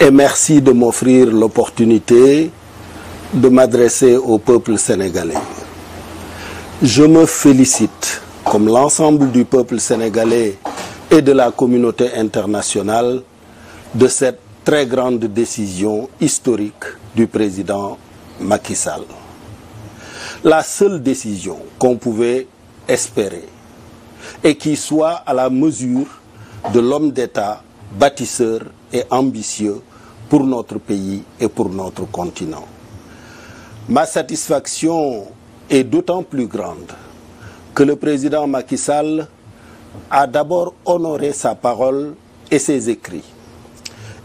Et merci de m'offrir l'opportunité de m'adresser au peuple sénégalais. Je me félicite, comme l'ensemble du peuple sénégalais et de la communauté internationale, de cette très grande décision historique du président Macky Sall. La seule décision qu'on pouvait espérer et qui soit à la mesure de l'homme d'État bâtisseur et ambitieux pour notre pays et pour notre continent. Ma satisfaction est d'autant plus grande que le président Macky Sall a d'abord honoré sa parole et ses écrits.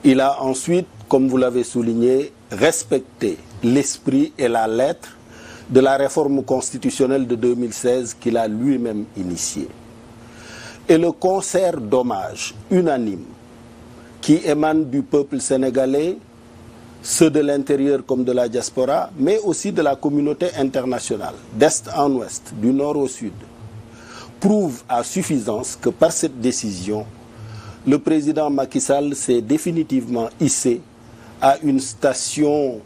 Il a ensuite, comme vous l'avez souligné, respecté l'esprit et la lettre de la réforme constitutionnelle de 2016 qu'il a lui-même initiée. Et le concert d'hommage unanime qui émanent du peuple sénégalais, ceux de l'intérieur comme de la diaspora, mais aussi de la communauté internationale, d'est en ouest, du nord au sud, prouvent à suffisance que par cette décision, le président Macky Sall s'est définitivement hissé à une station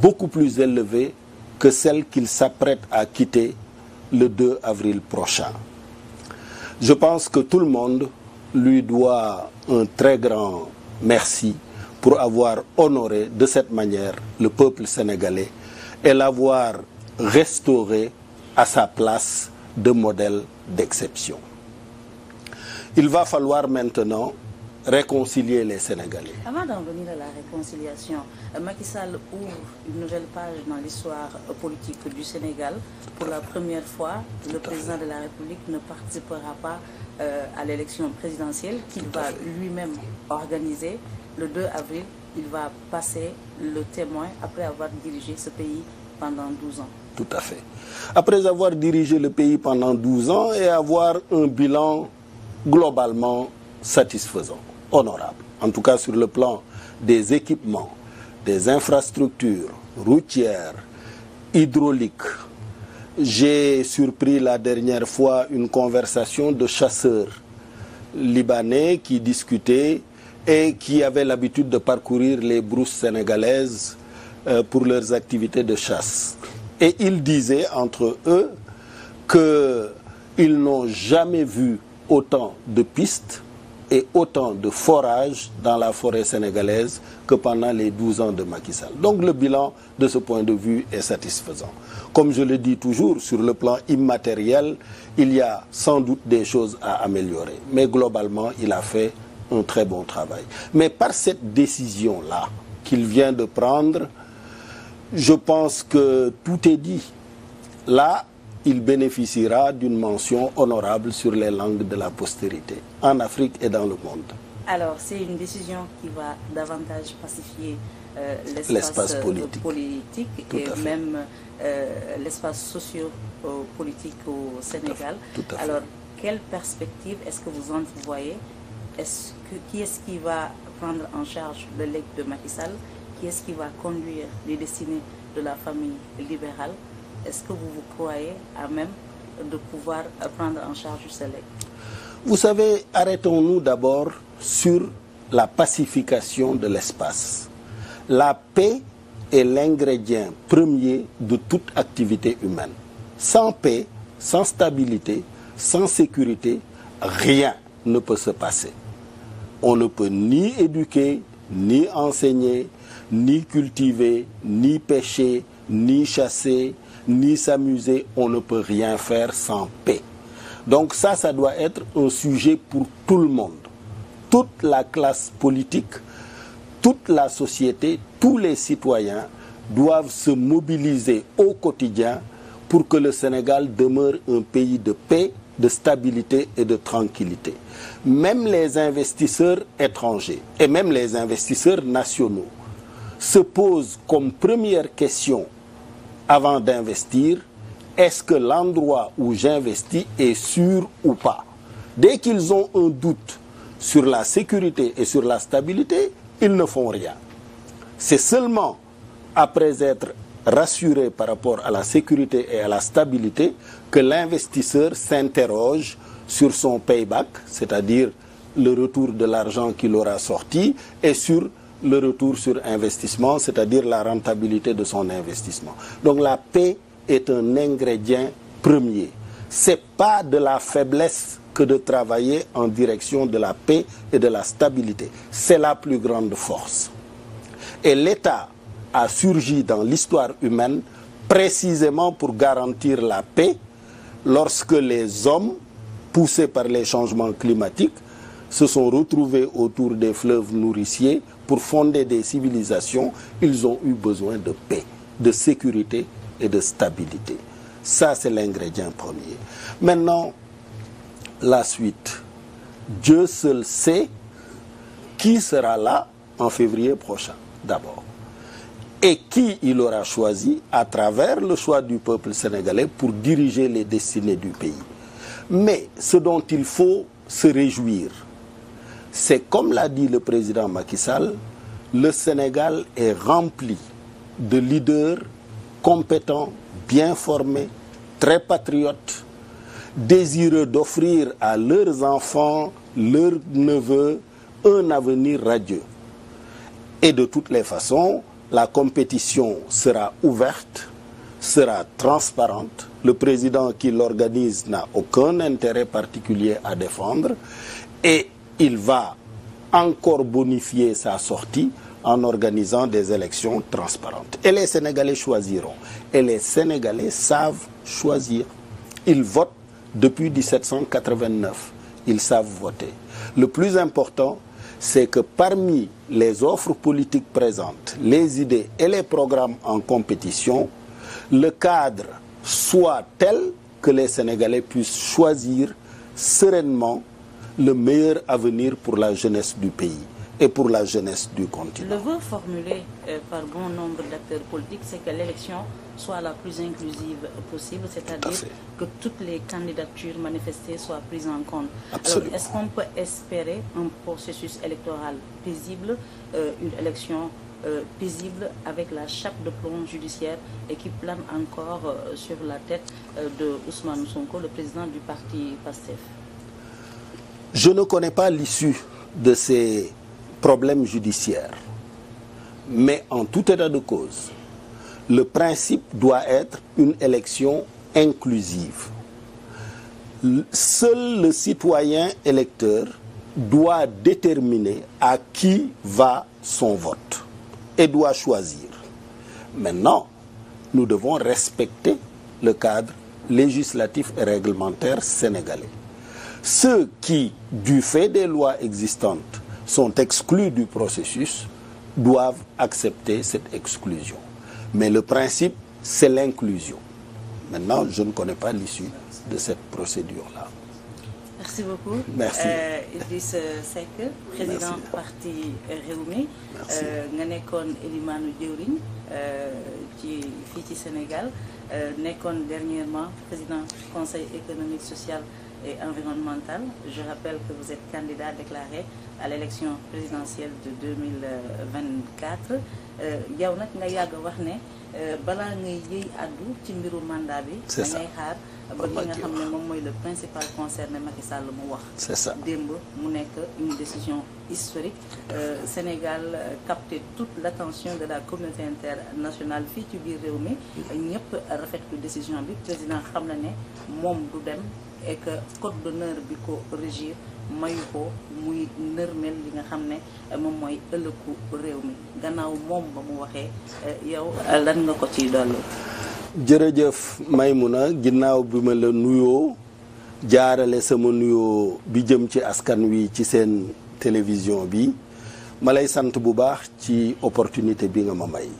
beaucoup plus élevée que celle qu'il s'apprête à quitter le 2 avril prochain. Je pense que tout le monde lui doit un très grand merci pour avoir honoré de cette manière le peuple sénégalais et l'avoir restauré à sa place de modèle d'exception. Il va falloir maintenant réconcilier les Sénégalais. Avant d'en venir à la réconciliation, euh, Macky Sall ouvre une nouvelle page dans l'histoire politique du Sénégal. Pour la première fois, le président de la République ne participera pas euh, à l'élection présidentielle qu'il va lui-même organiser le 2 avril. Il va passer le témoin après avoir dirigé ce le pays pendant 12 ans et avoir un bilan globalement satisfaisant, honorable. En tout cas, sur le plan des équipements, des infrastructures routières, hydrauliques, j'ai surpris la dernière fois une conversation de chasseurs libanais qui discutaient et qui avaient l'habitude de parcourir les brousses sénégalaises euh, pour leurs activités de chasse. Et ils disaient entre eux qu'ils n'ont jamais vu autant de pistes et autant de forage dans la forêt sénégalaise que pendant les 12 ans de Macky Sall. Donc le bilan de ce point de vue est satisfaisant. Comme je le dis toujours, sur le plan immatériel, il y a sans doute des choses à améliorer. Mais globalement, il a fait un très bon travail. Mais par cette décision-là qu'il vient de prendre, je pense que tout est dit. Là, il bénéficiera d'une mention honorable sur les langues de la postérité. en Afrique et dans le monde. Alors, c'est une décision qui va davantage pacifier euh, l'espace euh, politique. politique et même euh, l'espace socio-politique au Sénégal. Tout à fait. Alors, quelle perspective est-ce que vous en voyez est-ce que, Qui est-ce qui va prendre en charge le legs de Macky Sall Qui est-ce qui va conduire les destinées de la famille libérale Est-ce que vous vous croyez à même de pouvoir prendre en charge ce legs Vous savez, arrêtons-nous d'abord sur la pacification de l'espace. La paix est l'ingrédient premier de toute activité humaine. Sans paix, sans stabilité, sans sécurité, rien ne peut se passer. On ne peut ni éduquer, ni enseigner, ni cultiver, ni pêcher, ni chasser, ni s'amuser. On ne peut rien faire sans paix. Donc ça, ça doit être un sujet pour tout le monde. Toute la classe politique, toute la société, tous les citoyens doivent se mobiliser au quotidien pour que le Sénégal demeure un pays de paix, de stabilité et de tranquillité. Même les investisseurs étrangers et même les investisseurs nationaux se posent comme première question avant d'investir est-ce que l'endroit où j'investis est sûr ou pas Dès qu'ils ont un doute sur la sécurité et sur la stabilité, ils ne font rien. C'est seulement après être rassuré par rapport à la sécurité et à la stabilité que l'investisseur s'interroge sur son payback, c'est-à-dire le retour de l'argent qu'il aura sorti, et sur le retour sur investissement, c'est-à-dire la rentabilité de son investissement. Donc la paix est un ingrédient premier. C'est pas de la faiblesse que de travailler en direction de la paix et de la stabilité. C'est la plus grande force. Et l'État a surgi dans l'histoire humaine précisément pour garantir la paix lorsque les hommes, poussés par les changements climatiques, se sont retrouvés autour des fleuves nourriciers pour fonder des civilisations. Ils ont eu besoin de paix, de sécurité et de stabilité. Ça, c'est l'ingrédient premier. Maintenant, la suite. Dieu seul sait qui sera là en février prochain, d'abord. Et qui il aura choisi à travers le choix du peuple sénégalais pour diriger les destinées du pays. Mais ce dont il faut se réjouir, c'est comme l'a dit le président Macky Sall, le Sénégal est rempli de leaders compétent, bien formé, très patriote, désireux d'offrir à leurs enfants, leurs neveux, un avenir radieux. Et de toutes les façons, la compétition sera ouverte, sera transparente. Le président qui l'organise n'a aucun intérêt particulier à défendre et il va encore bonifier sa sortie en organisant des élections transparentes. Et les Sénégalais choisiront. Et les Sénégalais savent choisir. Ils votent depuis 1789. Ils savent voter. Le plus important, c'est que parmi les offres politiques présentes, les idées et les programmes en compétition, le cadre soit tel que les Sénégalais choisir sereinement le meilleur avenir pour la jeunesse du pays. et pour la jeunesse du continent. Le vœu formulé euh, par bon nombre d'acteurs politiques, c'est que l'élection soit la plus inclusive possible, c'est-à-dire que toutes les candidatures manifestées soient prises en compte. Absolument. Est-ce qu'on peut espérer un processus électoral paisible, euh, une élection euh, paisible avec la chape de plomb judiciaire et qui plane encore euh, sur la tête euh, de Ousmane Sonko, le président du parti PASTEF. Je ne connais problème judiciaire. Mais en tout état de cause, le principe doit être une élection inclusive. Seul le citoyen électeur doit déterminer à qui va son vote et doit choisir. Maintenant, nous devons respecter le cadre législatif et réglementaire sénégalais. Ceux qui, du fait des lois existantes, sont exclus du processus doivent accepter cette exclusion. Mais le principe, c'est l'inclusion. Maintenant, je ne connais pas l'issue de cette procédure-là. Merci beaucoup. Merci. Euh, Idriss euh, Seck, président Merci. parti euh, Rewmi. Euh, nga nekkoon Elimanu Diawriñ ci fii ci Sénégal nekkoon dernièrement président conseil économique social. et environnementale. Je rappelle que vous êtes candidat déclaré à l'élection présidentielle de 2024 euh, yow nag nga yàgg wax ne euh, balaa ngay yëy addu ci mbiru mandat bi. c'est ça da ngay xaar ba nga xam ne moom mooy le principal concerné Macky Sall mu wax. c'est démb mu nekk une décision historique. Euh, Sénégal euh, capté toute l'attention de la communauté internationale fii ci biir réew mi mm. ñëpp rafetlu décision bi président xam na ne moom du dem. et que d'honneur bi ko régir mayu ko muy nërmel li nga xam ne moom mooy ëllëgu réew mi gannaaw moom ba mu waxee eh, yow eh, lan nga ko ciy dollu jërëjëf Maymuna ginnaaw bi ma la nuyoo jaarale sama nuyoo bi jëm ci askan wi ci seen télévision bi ma lay sant bu baax ci opportunité bi nga ma may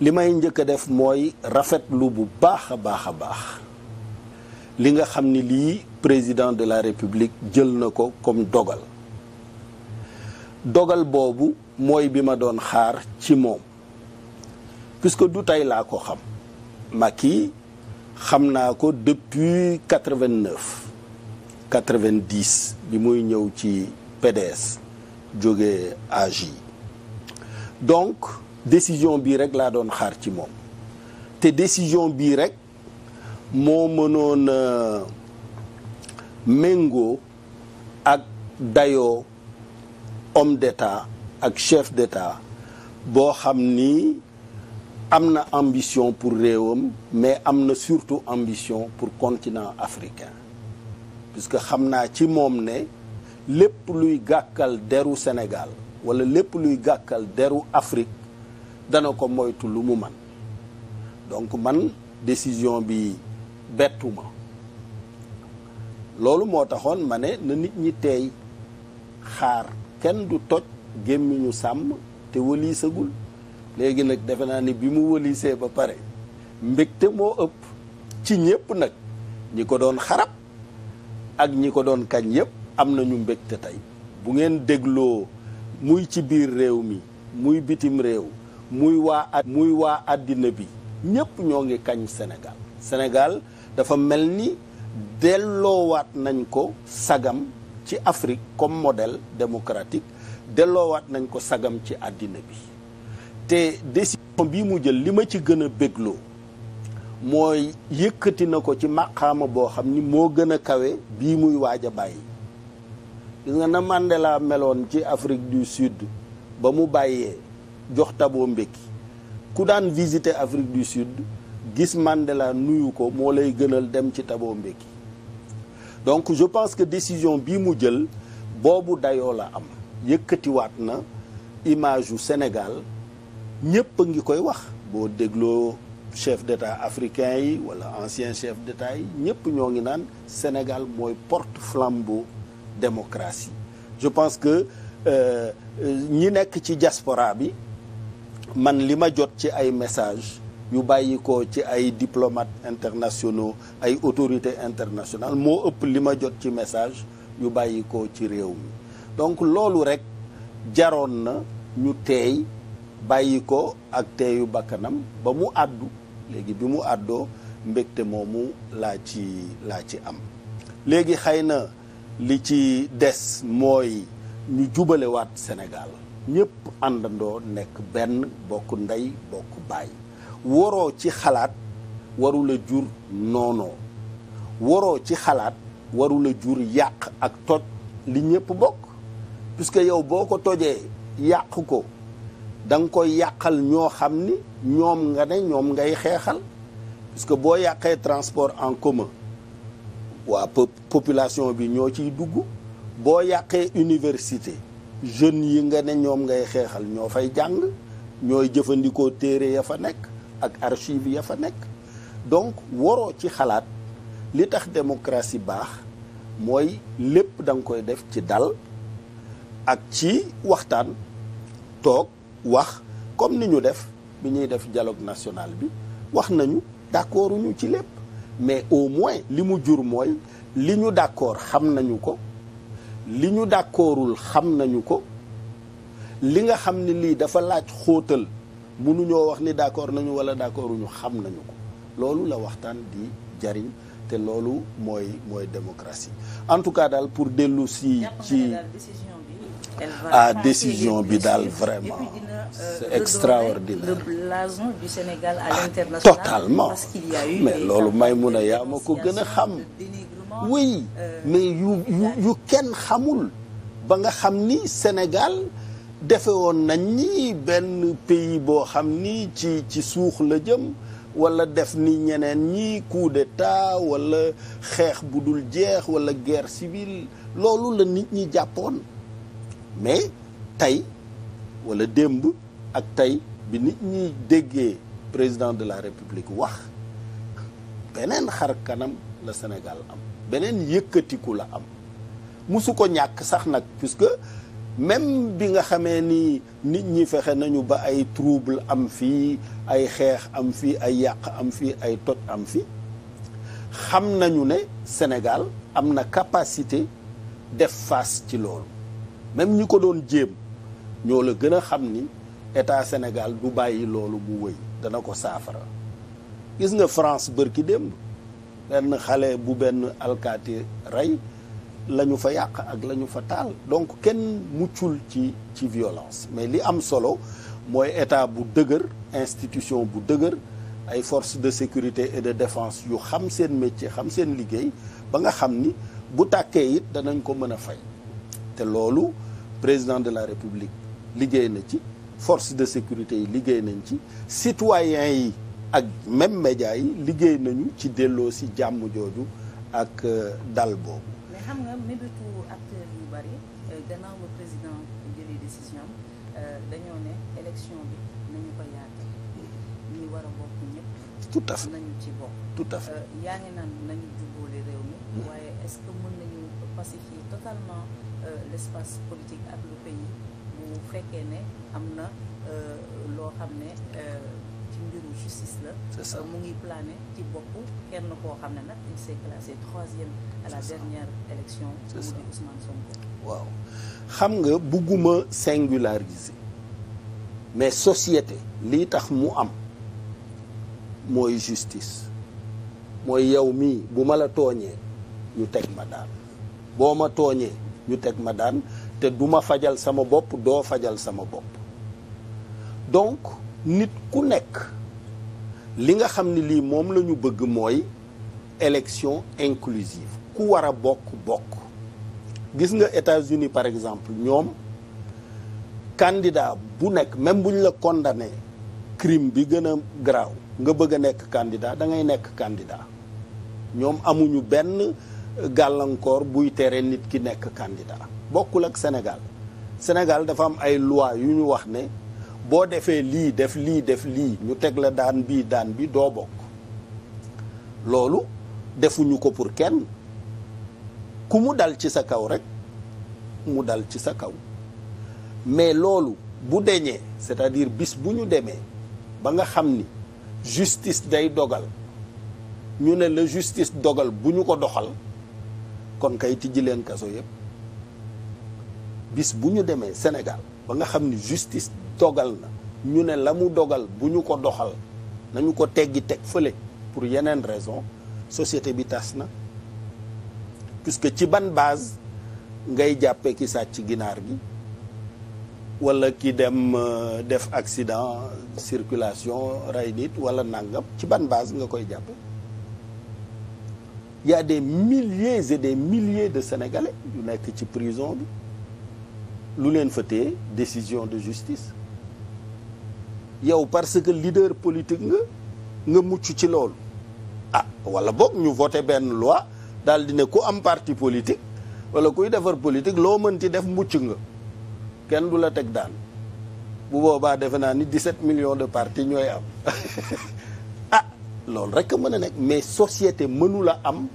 li may njëkk a def mooy rafetlu bu baax a baax a baax li nga xam ni lii président de la république jël na ko comme dogal dogal boobu mooy bi ma doon xaar ci moom puisque du tey laa ko xam Macky xam naa ko depuis quatre-vingt-neuf bi muy ñëw ci PDS jóge AJ donc décision bii rek laa doon xaar ci moom te décision bii rek moo mënoon euh, méngoo ak dayoo homme d'état ak chef d'état boo xam ni am na ambition pour réewam mais am na surtout ambition pour continent africain puisque xam naa ci moom ne lépp luy gàkkal deru Sénégal wala lépp luy gàkkal deru Afrique dana ko moytu lu mu man donc man décision bi bettuma loolu moo taxoon ma ne na nit ñi teey xaar kenn du toj gémmiñu sàmm te wëliisagul léegi nag defe naa ni bi mu wëliisee ba pare mbégte moo ëpp ci ñépp nag ñi ko doon xarab ak ñi ko doon kañ yépp am nañu mbégte tey bu ngeen dégloo muy ci biir réew mi muy bitim réew muy waa muy waa àddina bi ñépp ñoo ngi kañ senegal senegal dafa mel ni delloowaat nañ ko sagam ci Afrique comme model modèle démocratique delloowaat nañ ko sagam ci àddina bi te décision bi mu jël li ma ci gën a bégloo mooy yëkkati na ko ci màqaama boo xam ni moo gën a kawe bii muy waaj a bàyyi gis nga na Mandela meloon ci Afrique du Sud ba mu bàyyee jox taboo mbekki ku daan visiter Afrique du Sud gis Mandela nuyu ko moo lay gënal dem ci taboo mbékki donc je pense que décision bii mu jël boobu dayoo la am yëkkatiwaat na image yu Sénégal ñépp a ngi koy wax boo dégloo chef d'état africain yi wala ancien chef d'état yi ñépp ñoo ngi naan Sénégal mooy porte flambeau démocratie je pense que euh, euh, ñi nekk ci diaspora bi man li ma jot ci ay message yu bàyyi ko ci ay diplomates internationaux ay autorités internationale moo ëpp li ma jot ci message yu bàyyi ko ci réew mi donc loolu rek jaroon na ñu teey bàyyi ko ak teeyu bakkanam ba mu àddu léegi bi mu àddoo mbégte moomu laa ci laa ci am léegi xëy na li ci des mooy ñu jubalewaat Sénégal ñëpp àndandoo nekk benn bokk ndey bokk baay waroo ci xalaat warula jur noonoo waroo ci xalaat warula jur yàq ak toj li ñëpp bokk que yow boo ko tojee yàq ko da nga koy yàqal ñoo xam ni ñoom nga ne ñoom ngay xeexal parce que boo yàqee transport en commun waa population bi ñoo ciy dugg boo yàqee université jeunes yi nga ne ñoom ngay xeexal ñoo fay jàng ñooy jëfandikoo téere ya fa nekk ak archive ya fa nekk donc waroo ci xalaat li tax démocratie baax mooy lépp danga koy def ci dal ak ci waxtaan toog wax comme ni ñu def bi ñuy def dialogue nationale bi wax nañu d'accord ñu ci lépp mais au moins li mu jur mooy li ñu d'accord xam nañu ko li ñu d'accordul xam nañu ko li nga xam ne lii dafa laaj xóotal mënuñoo wax ni d'accord nañu wala d'accord ñu xam nañu ko loolu la waxtaan di jariñ te loolu mooy mooy démocratie en tout cas daal pour dellu si ci ah décision bi ah, daal vraiment euh, c'est extraordinaire Sénégal à ah, l'international totalement mais loolu may mun a yaa a ko gën a xam oui euh, mais yu yu yu kenn xamul ba nga xam ni Sénégal defe woon nañ ni benn pays boo xam ni ci ci suux la jëm wala def ni ñeneen ñi coup d'état wala xeex bu dul jeex wala guerre civile loolu la nit ñi jàppoon mais tey wala démb ak tey bi nit ñi déggee président de la république wax beneen xar kanam la Sénégal am beneen yëkkatiku la am musu ko ñàkk sax nag puisque même bi nga xamee ni nit ñi fexe nañu ba ay trouble am fii ay xeex am fii ay yàq am fii ay toj am fii xam nañu ne Sénégal am na capacité def fas ci loolu même ñi ko doon jéem ñoo la gën a xam ni état Sénégal du bàyyi loolu bu wéy dana ko saafara gis nga France bërki démb benn xale bu benn alkaati rey la ñu fa yàq ak la ñu fa taal donc kenn muccul ci ci violence mais li am solo mooy état bu dëgër institution bu dëgër ay forces de sécurité et de défense yu xam seen métier xam seen liggéey ba nga xam ni bu tàkkee it danañ ko mën a fay te loolu président de la république liggéey na ci force de sécurité yi liggéey nañ ci citoyens yi ak même médias yi liggéey nañu ci delloo si jàmm jooju ak euh, dal boobu xam nga mébétu acteur yu bari euh, gannaaw ba président jëlee décision am euh, dañoo ne élection bi nañu ko yaatal ñi war a bokk ñëpp. tout à nañu ci bokk. tout à euh, yaa ngi naan nañu jubboole réew mi. Mm. waaye est-ce que mën nañu pacifier totalement l'espace politique ak le pays bu fekkee ne am na loo xam ne. ci mbiru justice la. c'est ça euh, mu ngi plané ci bopp xam waaw xam nga bugguma singulariser mais société lii tax mu am mooy justice mooy yow mii bu ma la tooñee ñu teg ma daan boo ma tooñee ñu teg ma daan te du ma fajal sama bopp doo fajal sama bopp donc. nit ku nekk li nga xam ni lii moom lañu bëgg mooy élection inclusive ku war a bokk bokk gis nga États-Unis par exemple ñoom candidat bu nekk même buñ la condamné crime bi gën a graw nga bëgg a nekk candidat da ngay nekk candidat ñoom amuñu benn gàllankoor buy tere nit ki nekk candidat bokkul ak Sénégal Sénégal dafa am ay loi yu ñu wax ne boo defee lii def lii def lii ñu teg la daan bii daan bi doo bokk loolu defuñu ko pour kenn ku mu dal ci sa kaw rek mu dal ci sa kaw mais loolu bu deñee c'est-à-dire bis bu ñu demee ba nga xam ni justice day dogal ñu ne la justice dogal bu ñu ko doxal kon kay tijji leen kaso yépp bis bu ñu demee Sénégal ba nga xam ni justice dogal na ñu ne la mu dogal bu ñu ko doxal nañu ko teggi teg fële pour yeneen raison société bi tas na puisque ci ban base ngay jàppee ki sàcc ginaar gi wala ki dem euh, def accident circulation rey nit wala nangam ci ban base nga koy jàppe y des milliers et des milliers de sénégalais yu nekk ci prison bi lu leen fa décision de justice yow parce que leader politique nga nga mucc ci loolu ah wala boog ñu voté benn loi daal di ne ku am parti politique wala kuy defar politique loo mën ci def mucc nga kenn du la teg daan bu boobaa defe naa ni 17 millions de partis ñooy am ah loolu rek mën a nekk mais société mënula am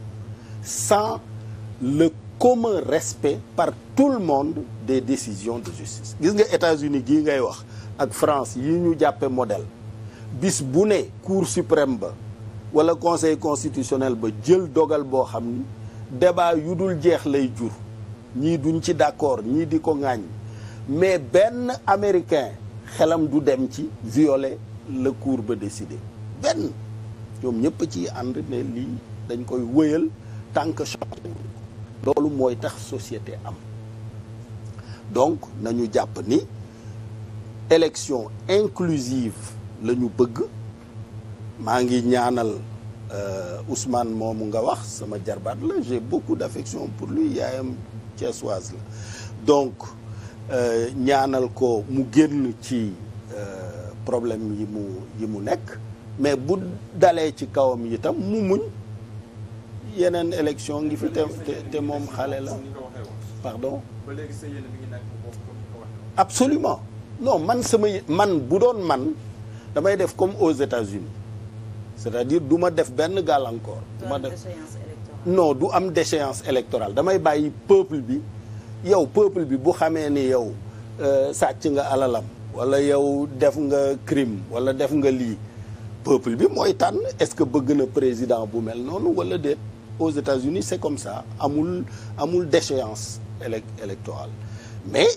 sans le commun respect par tout le monde des décisions de justice gis nga États-Unis gii ngay wax ak France yi ñu jàppee modèle bis bu ne cour suprême ba wala conseil constitutionnel ba jël dogal boo xam ni débat yu dul jeex lay jur ñii duñ ci d'accord ñii di ko ŋaañ mais benn américain xelam du dem ci violer la cour ba décidé benn ñoom ñëpp ci ànd ne lii dañ koy wëyal tant que loolu mooy tax société am donc nañu jàpp ni élection inclusive la ñu bëgg maa ngi ñaanal euh, Ousmane moomu nga wax sama jarbaat la j'ai beaucoup d'affection pour lui yaayam Thiessoise la donc euh, ñaanal ko mu génn ci euh, problème yi mu yi mu nekk mais bu dalee ci kawam itam mu muñ yeneen élection ngi fi te te moom xale la pardon absolument non man sama man bu doon man damay def comme aux États-Unis c'est-à-dire du ma def benn gàllankoor. du ma def non du am déchéance électorale damay bàyyi peuple bi yow peuple bi bu xamee ni yow euh, sàcc nga alalam. wala yow def nga crime wala def nga lii peuple bi mooy tànn est-ce que bëgg na président bu mel noonu wala déet aux États-Unis c'est comme ça amul amul déchéance élec électorale mais.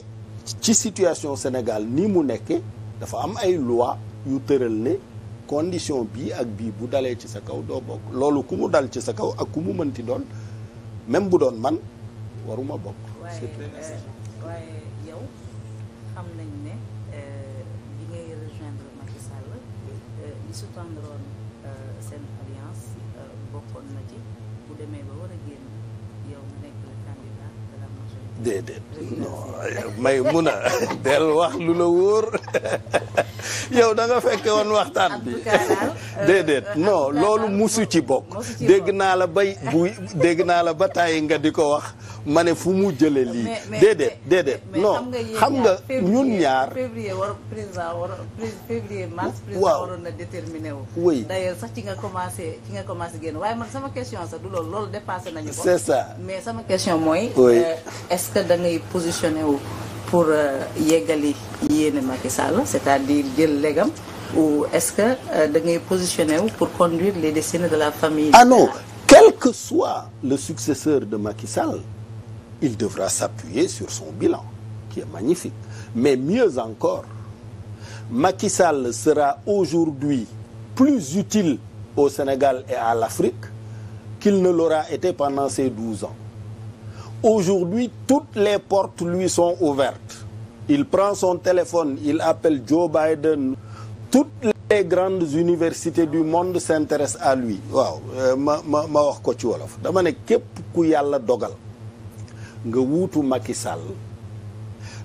ci situation Sénégal nii mu nekkee dafa am ay loi yu tëral ne condition bii ak bii bu dalee ci sa kaw doo bokk loolu ku mu dal ci sa kaw ak ku mu mënti doon même bu doon man waruma bokk. waaye euh, yow euh, euh, na ci bu déedéet non may mun a del wax lu la wóor yow da fekke woon waxtaan bi euh, déedéet non loolu musu ci bokk dégg naa la ba bu dégg naa la ba tàyyi nga di ko wax ma ne fu mu jëlee lii. déedéet déedéet non xam nga ñun ñaar. février war président war février mars. président waroon na déterminé wu. oui sax ci nga commencé ci commencé génn waaye man sama question sax du loolu loolu nañu ko. c'est ça mais sama question mooy. Euh, est-ce que da ngay positionné wu pour euh, yeggali yéene Macky Sall c'est-à-dire jël legam. ou est-ce que euh, da ngay positionné wu pour conduire les destinées de la famille. ah non quel que soit le successeur de Macky il devra s'appuyer sur son bilan, qui est magnifique. Mais mieux encore, Macky Sall sera aujourd'hui plus utile au Sénégal et à l'Afrique qu'il ne l'aura été pendant ces 12 ans. Aujourd'hui, toutes les portes lui sont ouvertes. Il prend son téléphone, il appelle Joe Biden. Toutes les grandes universités du monde s'intéressent à lui. Euh, ma ma ma wax ko ci wolof dama ne képp ku yàlla dogal. nga wuutu Macky Sall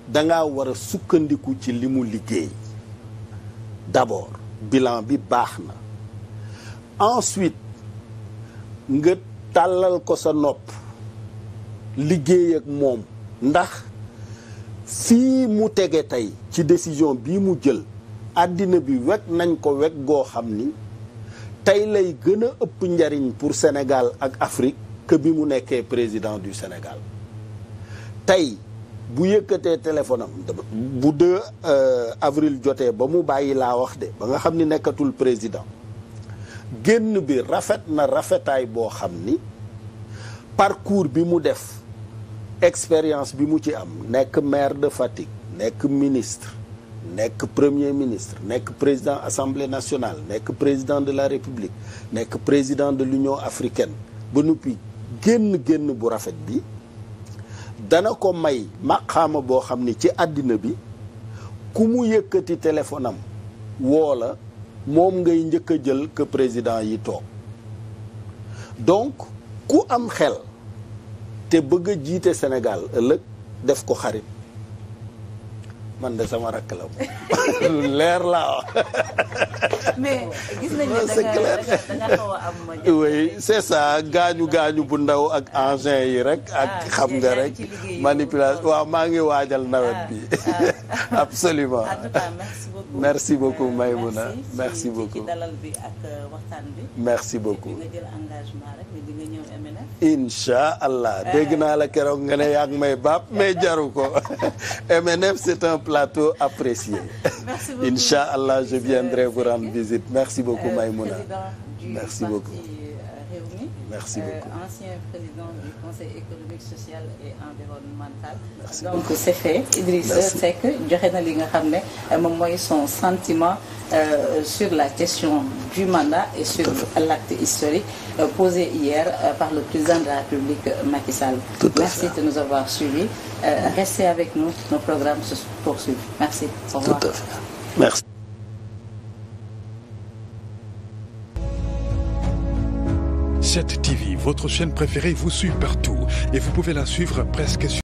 dangaa war a sukkandiku ci limu mu liggéey d'abord bilan bi baax na ensuite nga tàllal ko sa nopp liggéey ak moom ndax fii mu tege tey ci décision bii mu jël àddina bi wekk nañ ko wekk goo xam ni tey lay gën a ëpp njariñ pour Sénégal ak Afrique que bi mu nekkee président du Sénégal tey bu yëkkatee téléphone am bu 2 euh, avril jotee ba mu bàyyi laa wax de ba nga xam ni nekkatul président génn bi rafet na rafetaay boo xam ni parcours bi mu def expérience bi mu ci am nekk maire de Fatick nekk ministre nekk premier ministre nekk président assemblée nationale nekk président de la république nekk président de l'union africaine ba noppi génn génn bu rafet bi dana ko may maqaama boo xam ne ci àddina bi ku mu yëkkati téléphone am woo la moom ngay njëkk a jël k président yi toog donc ku am xel te bëgg a jiite senegal ëllëg def ko xarit man de sama rakk la lu leer laa wax. mais gis nañu ne da nga da ça gaañu gaañu bu ndaw ak engin yi rek. ak ah, xam nga rek manipulation waaw maa ngi waajal nawet bi. Ah, ah. absolument en merci beaucoup. merci beaucoup euh, merci beaucoup. Euh, merci beaucoup. nga allah dégg euh. naa la keroog nga ne yaa may baab mais jaru ko MNF c' est un plateau apprécié. Merci beaucoup. Inch'Allah, je viendrai vous rendre visite. Merci beaucoup, euh, Maïmouna. Merci beaucoup. Merci euh, beaucoup. Euh, ancien président du Conseil économique, social et environnemental. Merci donc c'est fait Idrissa Seck joxe na li nga xam ne euh, moom mooy son sentiment euh, sur la question du mandat et sur l'acte historique euh, hier euh, par le président de la République Macky Sall. Merci de nous avoir suivis. Restez avec nous, nos programmes se poursuivent. Merci. Au revoir. Tout à fait. Merci. 7 TV, votre chaîne préférée, vous suit partout et vous pouvez la suivre presque sur